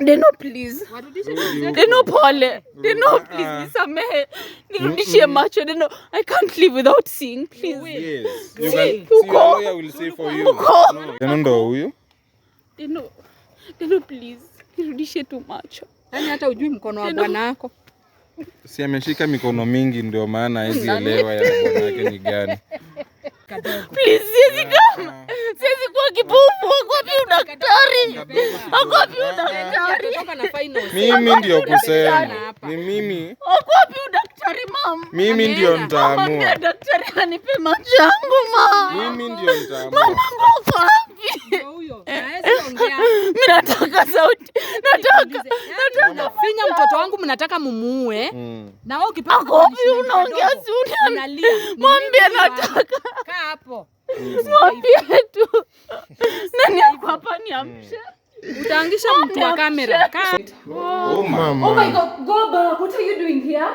Deno please. Deno pole. Deno please ah. nisamehe. Nirudishie macho. Deno I can't live without seeing please. Yes. You can, uko. See, will say for you. Uko. Deno ndo huyo. Deno. Deno please. Nirudishie tu macho. Yaani hata ujui mkono wa bwanako. Si ameshika mikono mingi ndio maana haizi elewa ya bwanake ni gani. Please, siwezi kama eh, eh. siwezi kuwa kipofu. udaktari, udaktari. Eh, mimi ndio kusema ni mimi. udaktari mimi ndio nitaamua. Daktari anipe machangu mama, mimi ndio nitaamua. Mama wapi? Mimi nataka sauti, nataka mnafinya mtoto wangu, mnataka mumuue. Mm. Na wewe ukipata huyu unaongea si unalia. Mwambie nataka. Kaa hapo. Mm. Mwambie tu. Nani yuko hapa niamshe? Mm. Utaangisha mtu wa kamera. Kaa. Oh, oh mama. Oh my god, Goba, What are you doing here?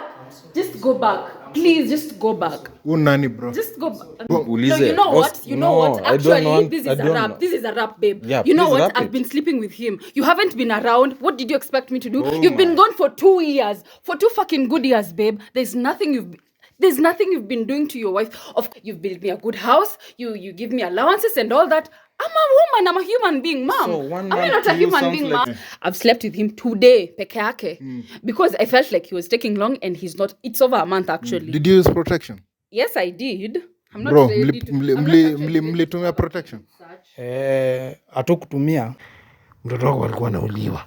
just go back please just go back who nani bro just go back no, you know what you know no, what actually this is a rap this is a rap babe yeah, you know what i've been sleeping with him you haven't been around what did you expect me to do oh you've my. been gone for two years for two fucking good years babe there's nothing you've there's nothing you've been doing to your wife of you've built me a good house you you give me allowances and all that I'm a woman, I'm a human being, mom. So I'm not a human being, like- mom. I've slept with him today peke yake hmm. because I felt like he was taking long and he's not. It's over a month actually. Did you use protection? Yes, I did. I'm bro? mli- protection? Eh, hatukutumia mtoto wako alikuwa anauliwa,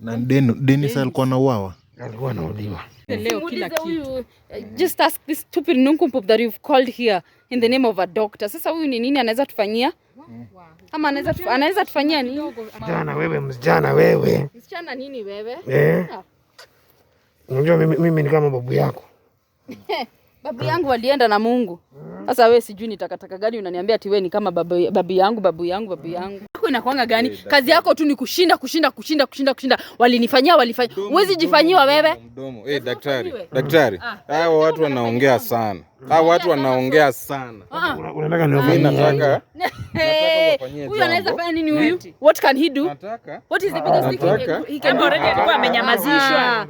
na Denis alikuwa nauawa alikuwa anauliwa. Mm. Leo kila kitu. Eh, mm. Just ask this stupid nincompoop that you've called here in the name of a doctor. Sasa huyu ni nini anaweza tufanyia? Mm. Ama anaweza anaweza tufanyia nini? Msichana wewe, msichana wewe. Msichana nini wewe? Eh. Unajua mimi mimi ni kama babu yako. Babu yangu walienda na Mungu. Sasa wewe sijui nitakataka gani unaniambia ati wewe ni kama babu, babu yangu, babu yangu, babu yangu yako inakuanga gani? Hey, kazi yako tu ni kushinda kushinda kushinda kushinda kushinda. Walinifanyia walifanya, huwezi jifanyiwa wewe mdomo. Eh, daktari daktari, ah. hao watu wanaongea sana, hao watu wanaongea sana. Ah, ah. Unataka ni mimi nataka huyu anaweza fanya nini huyu? What can he do? Nataka what is the biggest thing he can do? already alikuwa amenyamazishwa.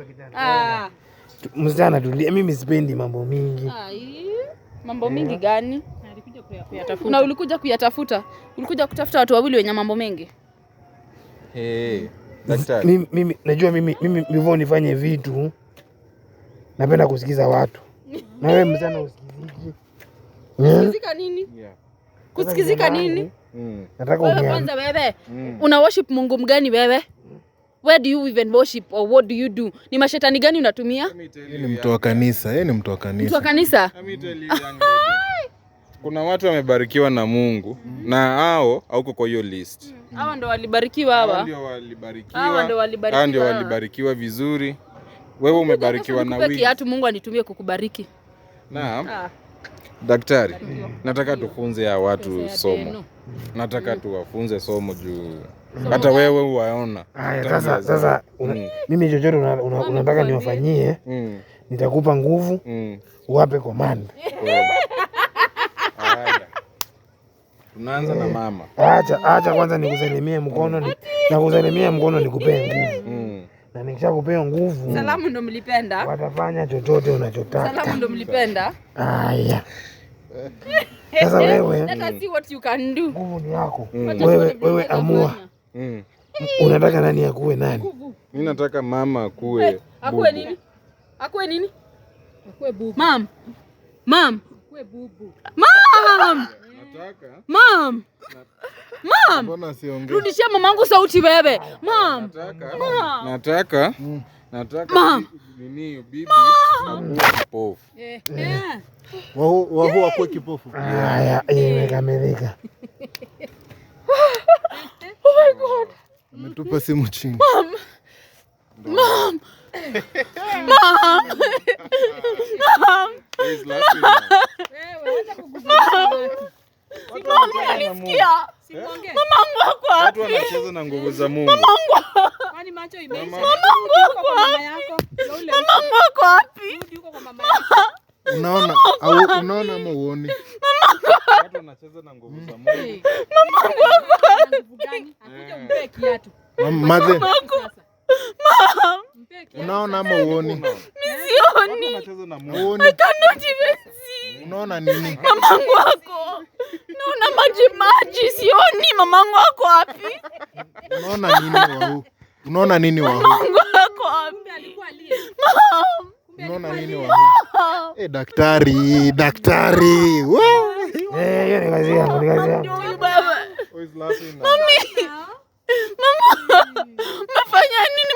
Msichana tulia, mimi sipendi mambo mingi. Mambo mingi gani? na ulikuja kuyatafuta, ulikuja kutafuta watu wawili wenye mambo mengi. Hey, mimi, mimi, najua mimi mimi hivyo nifanye vitu, napenda kusikiza watu na wewe mzana usikiziki. Eh? Kusikizika nini? Yeah. Kusikizika nini? Mm. Nataka wewe kwanza wewe. Mm. Una worship Mungu mgani wewe? Where do you even worship or what do you do? Ni mashetani gani unatumia? Yeye ni mtu wa kanisa, yeye ni mtu wa kanisa. Mtu wa kanisa? tell you, kuna watu wamebarikiwa na Mungu mm -hmm. na hao hauko kwa hiyo list hawa mm -hmm. hawa ndo walibarikiwa, hawa ndio walibarikiwa, hawa ndio walibarikiwa, vizuri. Wewe umebarikiwa na wiki kiatu Mungu anitumie kukubariki. Naam ah. Daktari, mm -hmm. nataka tufunze hawa watu somo no. nataka mm -hmm. tuwafunze somo juu hata wewe uwaona. Haya, sasa sasa, mimi chochote unataka una, una, una niwafanyie, mm. nitakupa nguvu, mm. uwape komanda Tunaanza na eh. mama. Acha acha kwanza nikusalimie mkono ni, na kusalimia mkono nikupee nguvu mm. na nikishakupea nguvu salamu ndo mlipenda, watafanya chochote unachotaka. Salamu ndo mlipenda. Haya sasa wewe mm. nguvu ni yako mm. wewe, wewe amua mm. unataka nani akuwe nani? Mimi nataka mama akuwe hey, eh, akuwe nini? Akuwe nini? Akuwe bubu. Mam. Mam. Akuwe bubu. Mam. Mom. Mom. Rudishia mamangu sauti wewe. Mom. Nataka. Nataka. Mm. Mom. nini bibi kipofu. Eh. Wao wao kwa kipofu. Haya, eh. imekamilika. Oh my God. Umetupa simu chini. Mom. Mom. Mom. Mom. Mom. Watu wanacheza na nguvu za Mungu. Unaona ama uoni? Watu wanacheza na nguvu za Mungu. Unaona ama uoni? Mimi sioni. I cannot even see. Unaona nini? Mamangu wako. Naona maji maji, sioni mamangu wako wapi? Unaona nini wao? Unaona nini wao? Mamangu wako wapi? Alikuwa Mam. Unaona nini wao? Eh, daktari, daktari. Eh, hiyo ni kazi yangu, ni kazi yangu. Mami. Mama. Mafanya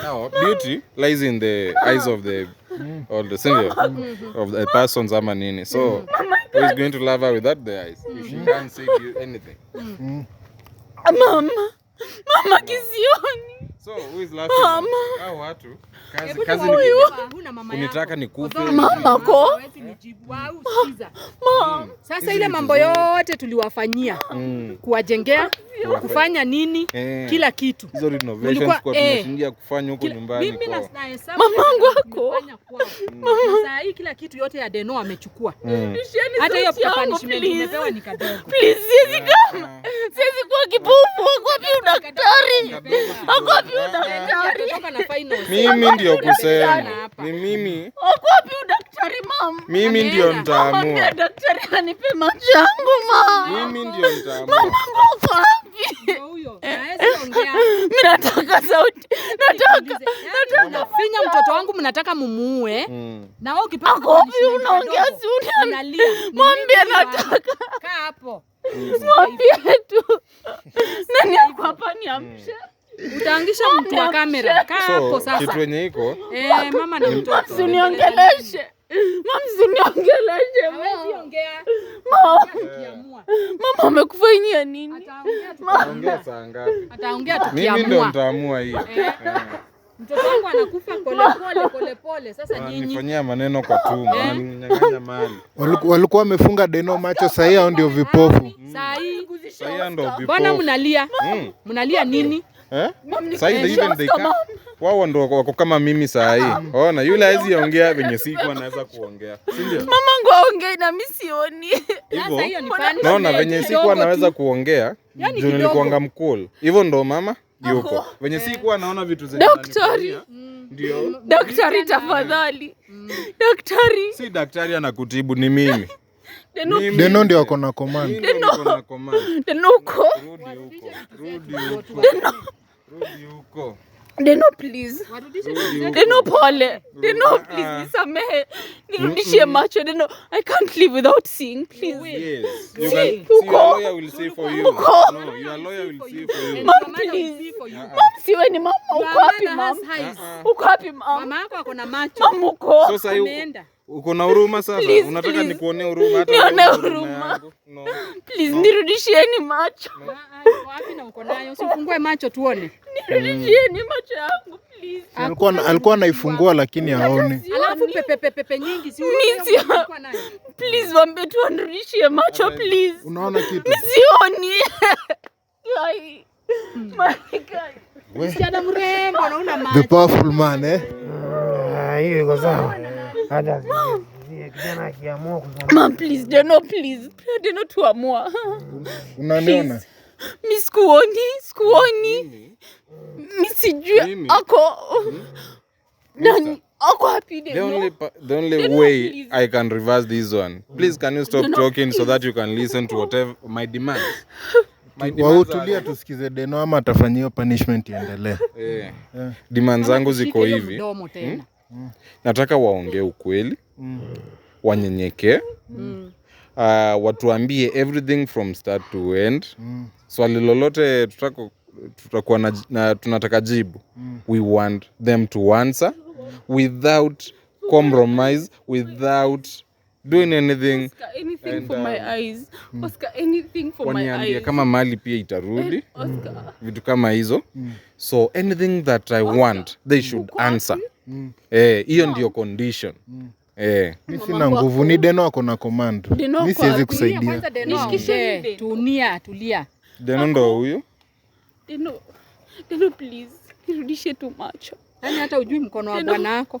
Ah, oh, beauty lies in the eyes of the the single of the persons ama nini so who is going to love her without the eyes if she can't say you anything mama mama so who is laughing mama hao watu kazi kazi ni mama ko hmm. sasa ile mambo yote tuliwafanyia hmm. kuwajengea kufanya nini eh, kila kitu hizo renovations kwa tunashindia eh, kufanya huko nyumbani kwa na mamangu wako sasa hii kila kitu yote ya Deno amechukua eh. hata hiyo pia punishment nimepewa ni kadogo please siwezi eh. kama siwezi kuwa kipofu wapi udaktari daktari kwa kutoka na finals mimi ndio kusema ni mimi kwa wapi daktari mama mimi ndio nitaamua daktari anipe machangu mama mimi ndio nitaamua mamangu Nataka sauti. Nataka. Nataka. Finya mtoto wangu mnataka mumuue. Na wewe ukipewa unaongea si unalia. Mwambie nataka. Kaa hapo. Mwambie tu. Nani ako hapa niamshe? Utaangisha mtu wa kamera. Kaa hapo sasa. Kitu yenye iko. Eh, mama na mtoto. Usiniongeleshe. Mama Mama amekufanyia nini? Ataongea Ataongea Mimi ndo nitaamua hii. Eh. Eh. Mtoto wangu anakufa pole pole pole pole. Sasa nyinyi nifanyia maneno kwa tumbo, mnanyang'anya eh. mali. Walikuwa wamefunga deno macho, saa hii ndio vipofu. Saa hii mm. ndio vipofu. Bwana mnalia? Mm. Mnalia nini? Eh? wao ndo wako kama mimi saa hii. Ona yule hawezi ongea venye siku anaweza kuongea, si ndio? Mamangu aongei na mimi sioni. Naona venye siku anaweza kuongea juu nilikuanga mkul hivyo, ndo mama yuko venye eh. siku anaona vitu zenye mm. ndio. Daktari tafadhali, mm. daktari. Si daktari anakutibu, ni mimi Deno ndio ako na command. Deno uko. Rudi huko. Rudi huko. Deno please. Deno pole. Deno please ah. nisamehe. Nirudishie macho Deno. I can't live without seeing please. Yes. You can, see, your lawyer will see for you. Uko. No, your lawyer will see for you. Mom please. Uh-uh. Mom siwe ni mama uko wapi mom? Uh-uh. Uko wapi mom? Mama yako ako na macho. Mom uko. Sasa umeenda. Uko na huruma sasa? Unataka nikuonee huruma hata nione huruma. Please nirudishieni macho. Ah, ah, wapi na uko nayo? Usifungue macho tuone. Nirudishieni macho yangu please. Alikuwa alikuwa anaifungua lakini haoni. Alafu pepe pepe nyingi si uko nayo. Please waambie tu anirudishie macho please. Unaona kitu? Sioni. Like my God. Msichana mrembo na macho. The powerful man eh. Ah, Hiyo iko sawa. Hata kijana akiamua kuzungumza. Ma please, Deno please. Deno tuamua. Unaniona? Mi sikuoni, sikuoni. Mi sijui ako. Hmm? Nani? Ako happy day. The only the only way I can reverse this one. Please can you stop talking so that you can listen to whatever my demands. My demands wautulia tusikize deno ama atafanyiwa punishment iendelee Eh, eh. demand zangu ziko hivi mdomo tena hmm? Nataka waongee ukweli, wanyenyekee, uh, ah, watuambie everything from start to end. Swali lolote tutako tutakuwa na, na tunataka jibu mm. We want them to answer without compromise, without doing anything Oscar, anything and, for uh, my um, eyes hmm. Oscar, anything for my eyes. Kama mali pia itarudi eh, Oscar, vitu kama hizo hmm. So anything that I Oscar, want they should Bukwati? answer hmm. Eh, hiyo no. Ndio condition Eh, mi sina nguvu ni Deno ako na command, mi siwezi kusaidia. Nishikishe tunia, tulia. Deno ndo huyo Deno, Deno please, nirudishe tu macho, yaani hata ujui mkono wa bwana wako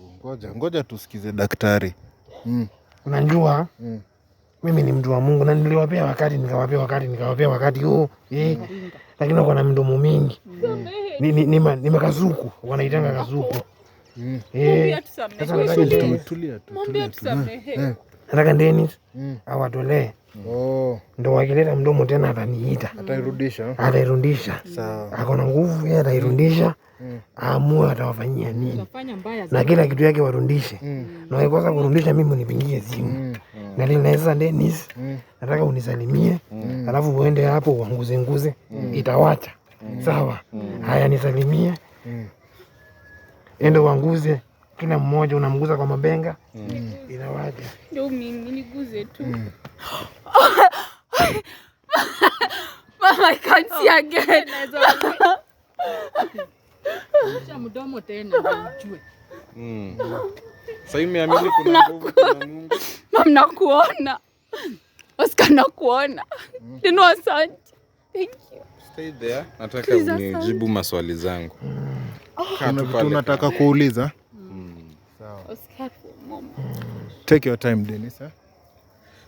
Ngoja, ngoja tusikize daktari. Mm. Unajua? Mm. Mimi ni mtu wa Mungu na niliwapea wakati nikawapea wakati nikawapea wakati huu. Eh. Lakini wako na mdomo mingi. Ni ni ni makazuku, wanaitanga kazuku. Mm. Eh. nataka tulia tu. Nataka Dennis Oh. ndo akileta mdomo tena ataniita, atairudisha, atairudisha. akona nguvu yeye, atairudisha mm. aamue atawafanyia nini, na kila kitu yake warundishe mm. na wakikosa kurundisha, mimi nipingie simu mm. nalinaeza Dennis, nataka unisalimie, alafu uende hapo uanguze nguze, itawacha sawa. Haya, nisalimie, ende uanguze kila mmoja unamguza kwa mabenga mm. Inawaje? Ndio mimi niguze tu mm. Mama, I can't see oh, again. Mdomo tena ujue. Mm. Sasa imeamini kuna nguvu za Mungu. Mama, nakuona. Oscar, nakuona. Nino, mm. asante. Thank you. Stay there. Nataka unijibu maswali zangu. Mm. Tunataka kuuliza Was careful, mom. Take your time, Dennis.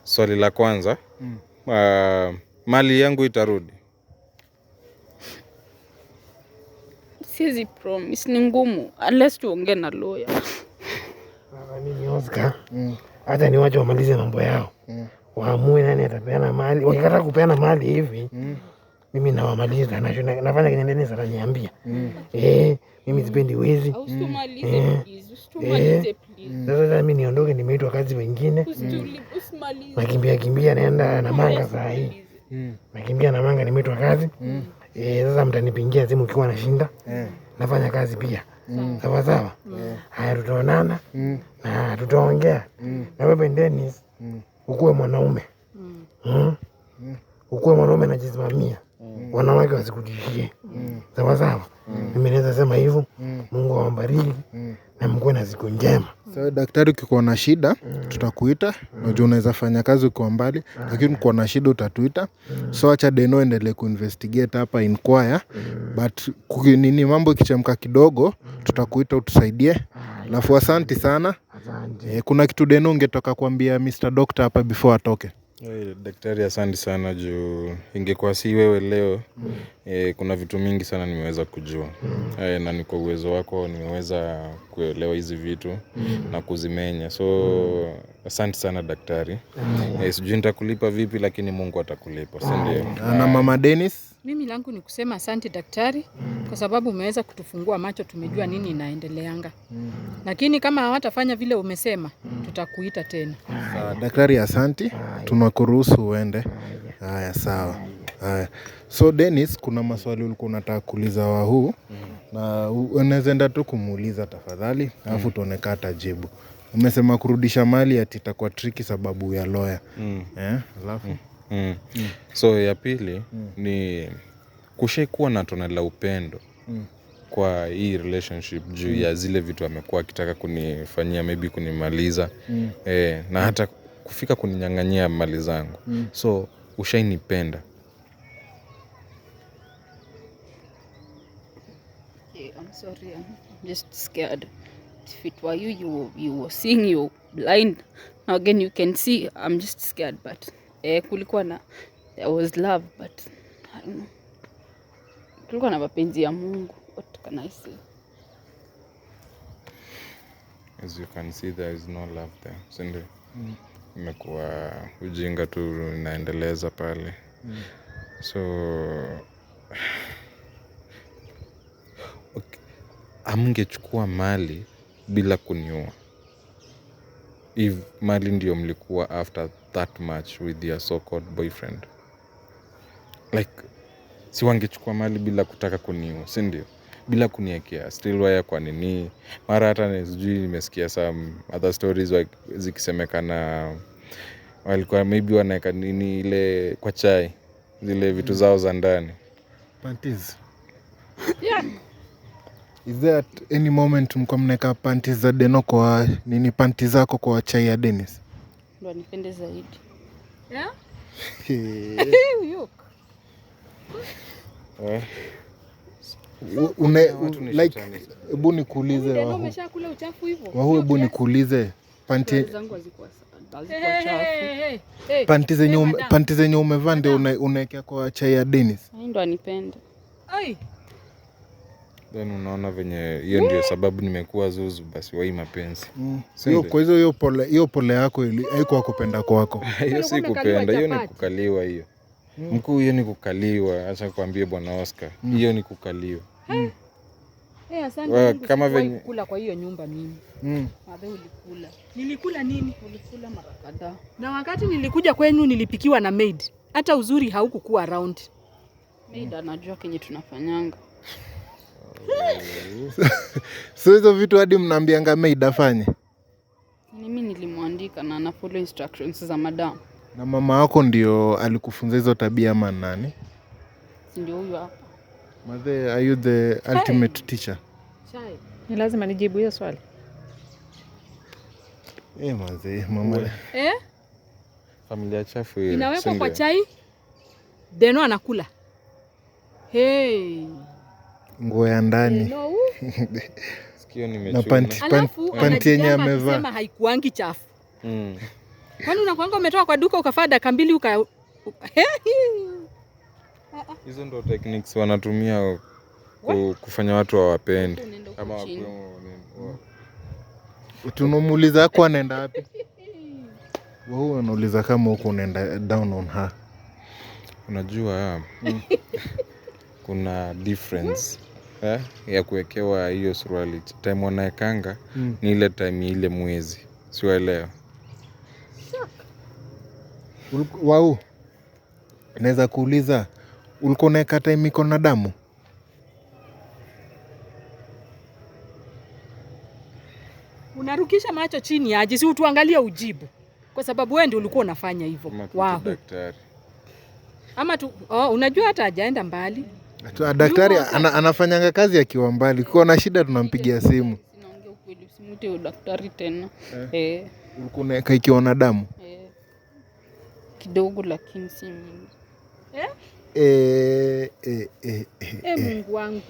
Swali la kwanza mm. Uh, mali yangu itarudi? Siwezi promise, ni ngumu unless tuongee na lawyer. Mimi ah, Oscar, mm. hata wacha wamalize mambo yao, mm. waamue nani atapeana mali. Wakikataa kupeana mali hivi mm mimi nawamaliza nafanya kenye Dennis ataniambia. Mm. Eh, mimi sipendi wezi. Eh, eh. Sasa mimi niondoke, nimeitwa kazi wengine, nakimbia kimbia naenda na manga saa hii, mm. nakimbia na manga nimeitwa kazi. Mm. Eh, sasa mtanipingia simu ukiwa nashinda, nafanya kazi pia. Sawa sawa, haya, tutaonana na tutaongea. Na wewe Dennis, ukuwe mwanaume, hmm? ukuwe mwanaume, najisimamia. Mm. wanawake wasikutishie. Mm. sawasawa sawa, mm. mimi naweza sema hivyo. Mungu awabariki na mkuwe na siku njema. So, daktari, ukikuwa na shida mm. tutakuita. Najua unaweza fanya kazi ukiwa mbali, ah, lakini ukiwa na shida utatuita. mm. So acha Deno endelee kuinvestigate hapa, inquire mm. but kukinini mambo ikichemka kidogo tutakuita utusaidie. Ah, Alafu ah, asanti sana. Eh, Kuna kitu Deno ungetoka kuambia Mr. Doctor hapa before atoke? Eh, daktari asanti sana juu ingekuwa si wewe leo eh, kuna vitu mingi sana nimeweza kujua eh, na ni kwa uwezo wako nimeweza kuelewa hizi vitu na kuzimenya so asanti sana daktari sijui nitakulipa vipi lakini mungu atakulipa si ndio na mama dennis mimi langu ni kusema asante daktari, kwa sababu umeweza kutufungua macho, tumejua nini inaendeleanga, lakini kama hawatafanya vile umesema, tutakuita tena. Sawa daktari, asante, tunakuruhusu uende. Haya, sawa. Haya, so Dennis, kuna maswali ulikuwa unataka kuuliza wa huu na unaweza enda tu kumuuliza tafadhali, alafu tuone kama atajibu. Umesema kurudisha mali ati itakuwa triki sababu ya lawyer. Mm. Eh, alafu Mm. Mm. So ya pili mm. ni kushaikuwa na tone la upendo mm. kwa hii relationship juu mm. ya zile vitu amekuwa akitaka kunifanyia maybe kunimaliza mm. e, na hata kufika kuninyang'anyia mali zangu mm. so ushainipenda okay, eh, kulikuwa na there was love but I don't know, kulikuwa na mapenzi ya Mungu. What can I say? As you can see there is no love there, Sindi. Mm. Imekuwa ujinga tu inaendeleza pale. Mm. So okay. Amngechukua mali bila kuniua if mali ndio mlikuwa after that much with your so called boyfriend like si wangechukua mali bila kutaka kuniu si ndio bila kuniekea still waya kwa nini mara hata sijui nimesikia some other stories zikisemekana walikuwa maybe wanaweka nini ile kwa chai zile vitu zao za ndani panties is there any moment mko mnaeka panti za deno kwa nini panti zako kwa chai ya denis ndo anipende zaidi yeah? Eh. Hebu nikuulize Wahu, hebu nikuulize panti zenye umevaa ndio unaekea kwa chai ya Dennis? Ndo anipende Then unaona venye hiyo ndio mm. sababu nimekuwa zuzu basi wai mapenzi. Mm. kwa hizo hiyo pole hiyo pole yako haikuwa kupenda kwako. Hiyo si kupenda, hiyo ni kukaliwa hiyo. Mm. Mkuu, hiyo ni kukaliwa, acha kwambie bwana Oscar. Hiyo ni kukaliwa. Eh, Kama venye kula kwa hiyo nyumba mimi. Mm. Mabe ulikula. Nilikula nini? Ulikula mara kadhaa. Na wakati nilikuja kwenu nilipikiwa na maid. Hata uzuri haukukuwa around. Maid anajua kenye tunafanyanga so hizo vitu hadi mnaambianga maid afanye mimi nilimwandika na na follow instructions za madam na mama wako ndio alikufunza hizo tabia ama nani ndio huyo hapa Mathe, are you the ultimate teacher? Chai. Ni lazima nijibu hiyo swali. Eh, mazee, mama. Eh? Familia chafu hiyo. Inawekwa kwa chai. Deno anakula. Hey nguo ya ndani na panti yenye amevaa haikuangi chafu. Hmm. Kwani unakuanga umetoka kwa duka ukavaa daka mbili uka hizo ndo techniques wanatumia kufanya watu wawapende. Tunamuuliza ako anaenda wapi? wau wanauliza kama huko unaenda down on her. Unajua, hmm. kuna difference ya kuwekewa hiyo suruali time mm. ni ile time ile mwezi siwaelewa wau naweza kuuliza ulikuwa unaeka time iko na damu unarukisha macho chini aji si utuangalia ujibu kwa sababu wewe ulikuwa unafanya hivyo wa ama tu oh, unajua hata ajaenda mbali Daktari anafanyanga kazi akiwa mbali, kuwa na shida tunampigia simu. Sinaongea eh. Eh. damu? Eh. Kidogo lakini si Mungu wangu.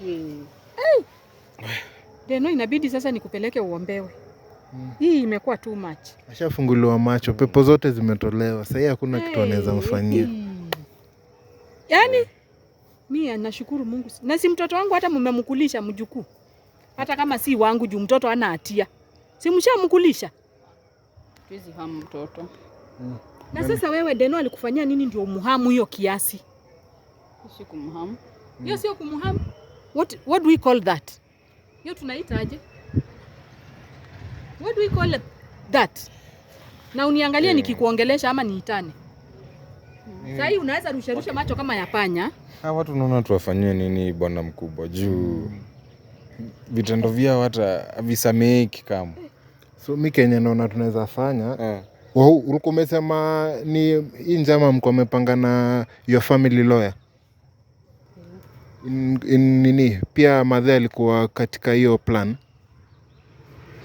Deno inabidi sasa nikupeleke uombewe. Hmm. Hii imekuwa too much. Ashafunguliwa macho, pepo zote zimetolewa. Sahii hakuna kitu anaweza mfanyia. Yaani mimi nashukuru Mungu. Na si mtoto wangu hata mmemkulisha mjukuu. Hata kama si wangu juu mtoto ana hatia. Si mshamkulisha? Tuwezi hamu mtoto. Mm. Na sasa wewe Deno alikufanyia nini ndio umuhamu hiyo kiasi? Si kumuhamu. Mm. Hiyo sio kumuhamu. What what do we call that? Hiyo tunaitaje? What do we call that? Na uniangalie yeah, nikikuongelesha ama niitane? Mm. Sasa unaweza rusharusha macho kama ya panya. Hawa watu naona tuwafanyie nini bwana mkubwa juu vitendo vyao hata visameki kama. So mi Kenya naona tunaweza fanya yeah. Wao ulikuwa umesema ni hii njama mko amepanga na your family lawyer in, in, nini pia madhe alikuwa katika hiyo plan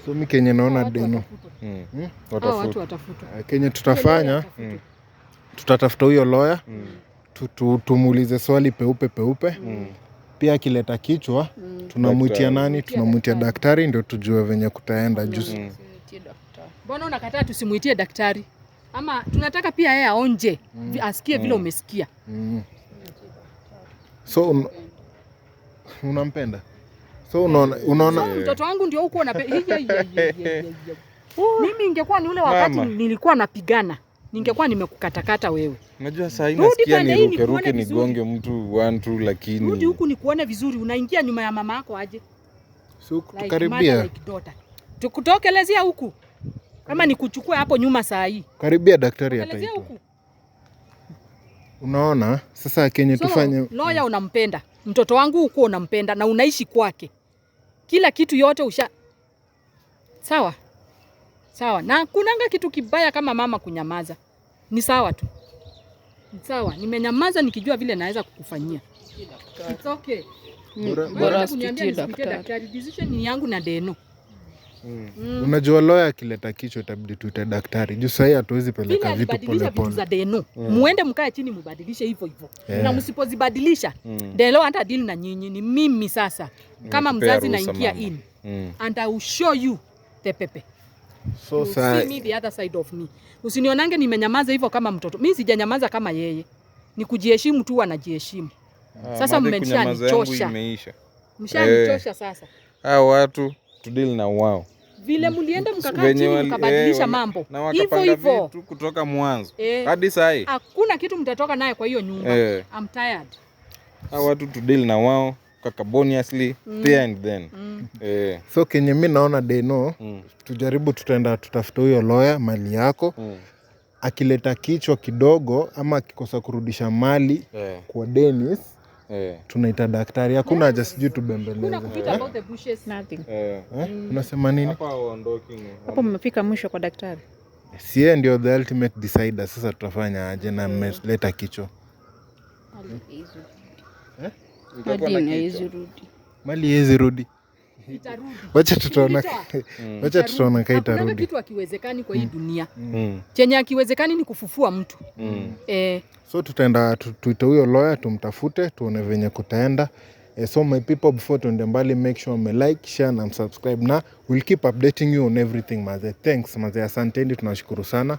so mi Kenya naona deno hmm. Hmm? watu watafutwa Kenya tutafanya Kenya, tutatafuta huyo lawyer mm. tumuulize swali peupe peupe mm. pia akileta kichwa mm. tunamwitia nani? Tunamwitia daktari ndio tujue venye kutaenda juu. Mm. Mbona unakataa tusimwitie daktari? Ama tunataka pia yeye aonje mm. asikie mm. vile umesikia mm. so un, unampenda so unaona, unaona... mtoto wangu ndio huko mimi ingekuwa ni ule wakati Mama. nilikuwa napigana ningekuwa nimekukatakata wewe. Unajua saa hii nasikia niruke nigonge mtu one two, lakini rudi huku nikuone vizuri, unaingia nyuma ya mama yako aje? So tukaribia like like tukutokelezea huku kama nikuchukue hapo nyuma saa hii. Karibia daktari huku. Unaona sasa kenya so, tufanye loya, unampenda mtoto wangu huko, unampenda na unaishi kwake, kila kitu yote usha sawa sawa, na kunanga kitu kibaya kama mama kunyamaza. Ni sawa tu, sawa. Nimenyamaza nikijua vile naweza kukufanyia. It's okay. Mm. decision ni yangu na Deno. Mm. Mm. Unajua loya akileta kichwa itabidi tuite daktari juu sahii hatuwezi peleka vitu pole pole za Deno. Mm. Muende mkae chini mubadilishe hivyo hivyo, yeah. Na msipozibadilisha mm. Deno hata deal na nyinyi ni mimi sasa, mm. kama mzazi naingia in mm. and I will show you the pepe So see me the other side of me. Usinionange nimenyamaza hivyo kama mtoto. Mimi sijanyamaza kama yeye. Ni kujiheshimu tu, anajiheshimu. Ah, sasa mmeshanichosha. Mshanichosha eh. sasa. Hao watu deal na wao. Vile mlienda mkakaa chini mkabadilisha eh, mambo. Hivyo hivyo tu kutoka mwanzo. Eh. Hadi sasa hii. Hakuna kitu mtatoka naye kwa hiyo nyumba. I'm tired. Hao watu deal na wao. Mm. Mm. Eh. so kenye mi naona deno mm. tujaribu tutaenda tutafute huyo loya mali yako mm akileta kichwa kidogo ama akikosa kurudisha mali yeah. kwa denis yeah. tunaita daktari. Hakuna haja sijui tubembeleze. Eh? Eh. Unasema nini hapo? Mmefika mwisho kwa daktari, ndio the ultimate decider. Sasa tutafanya aje na mmeleta kichwa mali haiwezi rudi, wacha tutaona, mm. wacha tutaona kai itarudi. kitu akiwezekani kwa hii mm. dunia mm. mm. chenye akiwezekani ni kufufua mtu mm. eh. so tutaenda tuite huyo lawyer tumtafute, tuone venye kutaenda eh, so my people before tuende mbali make sure me like share na subscribe na we'll keep updating you on everything maze thanks maze asanteni tunashukuru sana